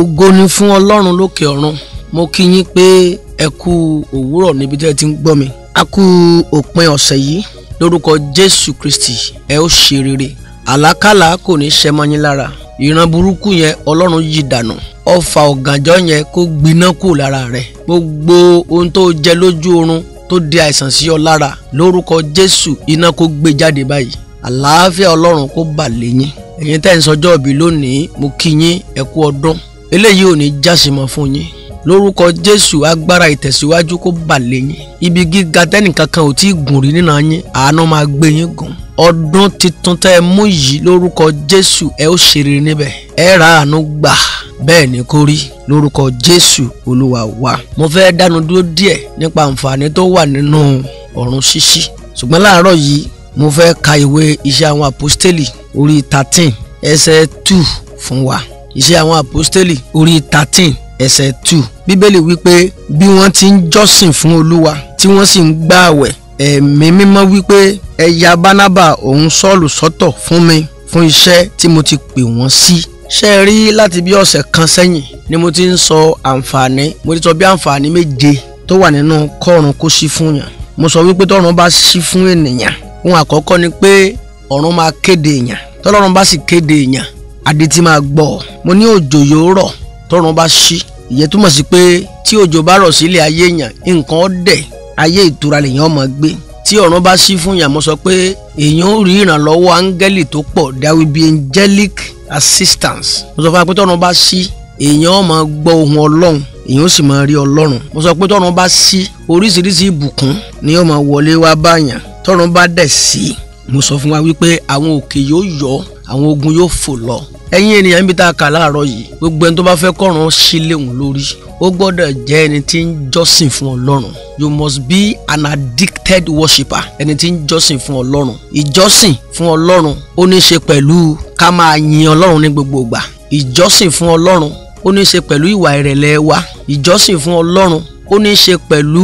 ògo ni fún ọlọ́run lókè ọ̀run mo kí yín pé ẹ kú òwúrọ̀ níbi tí ẹ ti ń gbọ́ mi a kú òpin ọ̀sẹ̀ yìí lórúkọ jésù kristi ẹ ó ṣe rere àlákàlà kò ní ṣe mọ́ yín lára ìran burúkú yẹn ọlọ́run yìí dànù ọfà ọ̀gànjọ́ yẹn kó gbiná kù lára rẹ gbogbo ohun tó jẹ lójú oorun tó di àìsàn sí ọ lára lórúkọ jésù iná kó gbé jáde báyìí àlàáfíà ọlọ́run kó bà lé ẹ̀yin tẹ́ ń sọjọ́ ìbí lónìí mo kí yín ẹ ọdún eléyìí ò ní jáse mọ́ fún yín lórúkọ jésù agbára ìtẹ̀síwájú kó bà lé yín ibi gíga tẹ́nìkankan ò tí ì gùn rí nínú yín àánú máa gbé yín gùn ọdún tuntun tẹ́ ẹ mú yìí lórúkọ jésù ẹ ó ṣe rere níbẹ̀ ẹ ra àánú gbà bẹ́ẹ̀ ni kó rí lórúkọ jésù olúwa wa mo fẹ́ dánu dúró díẹ̀ nípa àǹfààní tó wà nínú ọ̀run ṣíṣí ṣùgbọ́n láàárọ̀ yìí mo fẹ́ ka ìwé iṣẹ́ àwọn àpọ́stélì orí thirteen ẹsẹ̀ two fún wa iṣẹ́ àwọn àpọ́stélì orí thirteen ẹsẹ̀ two bíbélì wípé bí wọ́n ti ń jọ́sìn fún olúwa tí wọ́n sì ń gbààwẹ̀ ẹ̀mí mímọ́ wípé ẹ ya bánábà òun sọ́ọ̀lù sọ́tọ̀ fún mi fún iṣẹ́ tí mo ti pè wọ́n sí ṣe é rí láti bí ọ̀sẹ̀ kan sẹ́yìn ni mo ti ń sọ àǹfààní mo ti sọ bí àǹfààní méje tó wà nínú kọ́ọ̀rùn kó ṣí fún yàn mo sọ wípé tọ́run bá ṣí fún ènìyàn ohun àkọ́kọ́ ni pé ọ̀run máa kéde èèyàn tọ́lọ́run bá sì kéde èèyàn adé tí máa gbọ́ mo ní òjò yóò rọ̀ tọ́run bá ṣí ìyẹn túmọ̀ sí pé tí òjò bá rọ̀ sílé ayé yàn nǹkan ó dẹ̀ ayé ìtura lèyàn máa gbé tí ọ̀run bá ṣí fún yàn mo sọ pé èèyàn ó rí ìrànlọ́wọ́ áńgẹ́lì tó pọ̀ there will be angelic assistance mo sọ fún wa pé tọ́run bá ṣí èèyàn ó máa gbọ́ ohùn ọlọ́run èèyàn ó sì máa rí ọlọ́run mo sọ pé tọ́run bá ṣí oríṣiríṣi ìbùkún ni ó wọlé wá báyàn tọ́run bá dẹ̀ sí mo sọ fún wa wípé àwọn òkè yóò yọ àwọn ogun yóò fò lọ ẹ̀yin ènìyàn níbi tá a kà láàárọ̀ yìí gbogbo ẹni tó bá fẹ́ kọrùn sílé lórí ó gbọ́dọ̀ jẹ́ ẹni tí ń jọ́sìn fún Ọlọ́run you must be an addicted worshiper. ẹni tí ń jọ́sìn fún Ọlọ́run ìjọ́sìn fún Ọlọ́run ó ní í ṣe pẹ̀lú ká máa yin Ọlọ́run ní gbogbo ìgbà ìjọ́sìn fún Ọlọ́run ó ní í ṣe pẹ̀lú ìwà ìrẹ̀lẹ̀ wa ìjọ́sìn fún Ọlọ́run ó ní í ṣe pẹ̀lú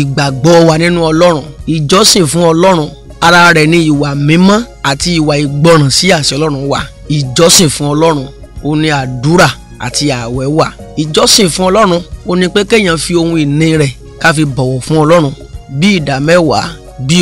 ìgbàgbọ́ wa nínú Ọlọ́run ìjọ́sìn fún Ọlọ́run ara rẹ̀ ni ìwà mímọ́ àti ìwà ìgbọràn sí àṣẹ ọlọ́run wà ìjọsìn fún ọlọ́run ó ní àdúrà àti ààwẹ̀ wà ìjọsìn fún ọlọ́run ó ní pé kéèyàn fi ohun ìní rẹ̀ ká fi bọ̀wọ̀ fún ọlọ́run bí ìdá mẹ́wàá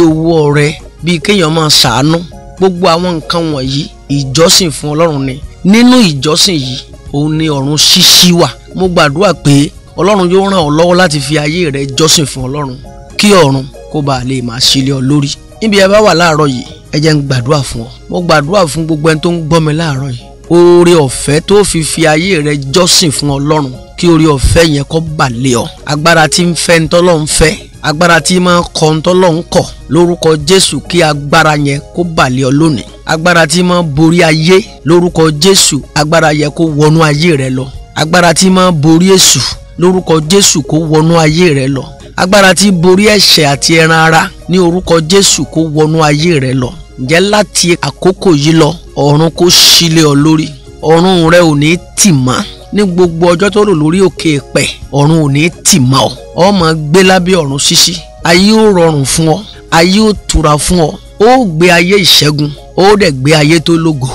owó ọrẹ bí kéèyàn máa ṣàánú gbogbo àwọn nǹkan wọ̀nyí ìjọsìn fún ọlọ́run ni nínú ìjọsìn yìí òun ni ọ̀run ṣíṣí wà mo gbàdúrà pé ọlọ́run yóò ràn ọ́ lọ́wọ́ láti fi ayé rẹ jọ́sìn fún ọlọ́run kí ọ̀run kó bàa lè máa ṣílẹ̀ ọ lórí níbi ẹ bá wà láàárọ̀ yìí ẹ jẹ́ ń gbàdúrà fún ọ mo gbàdúrà fún gbogbo ẹni tó ń gbọ́ mi láàárọ̀ yìí oore ọ̀fẹ́ tó fi fi ayé rẹ jọ́sìn fún ọlọ́run kí oore ọ̀fẹ́ yẹn kó bà lé ọ agbára tí ń fẹ́ ntọ́lọ́run fẹ́ agbára tí máa kọ ntọ́lọ́run kọ̀ lórúkọ jésù kí agbára yẹn kó bà ọ lónìí agbára tí máa borí ayé lórúkọ jésù agbára yẹn kó wọnú ayé rẹ lọ agbára tí máa borí èṣù lórúkọ jésù kó wọnú ayé rẹ lọ agbára tí borí ẹ̀ṣẹ̀ àti ẹran ara ní orúkọ Jésù kó wọnú ayé rẹ lọ ǹjẹ́ láti àkókò yìí lọ ọ̀run kó sílé ọ lórí ọ̀run rẹ ò ní tì mọ́ ní gbogbo ọjọ́ tó rò lórí òkè pẹ̀ ọ̀run ò ní tì mọ́ ọ ọ máa gbé lábẹ́ ọ̀run ṣíṣí ayé ó rọrùn fún ọ ayé ó tura fún ọ ó gbé ayé ìṣẹ́gun ó dẹ̀ gbé ayé tó lógo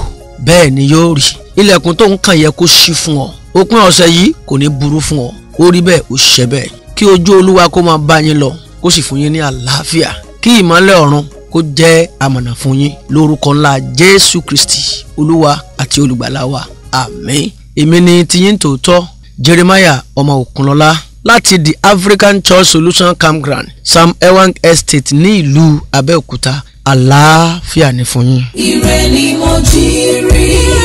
bẹ́ẹ̀ ni yóò rí ilẹ̀kùn tó ń kàn yẹ kó ṣí fún ọ òpin ọ̀sẹ̀ yìí kò ní burú fún ọ ó rí bẹ́ẹ̀ ó ṣẹ bẹ́ẹ̀ kí ojú olúwa kó máa bá yín lọ kó sì fún yín ní àlàáfíà kí ìmọ́lẹ̀ ọ̀run kó jẹ́ àmọ̀nà fún yín lórúkọ ńlá jésù kristi olúwa àti olùgbàlà wa àmín èmi ni tiyín tòótọ́ jeremiah ọmọ òkunlọ́lá láti the african church solution campground sam ewang estate ní ìlú abẹ́òkúta àlàáfíà ni fún yín. ire ni mo jí rí i.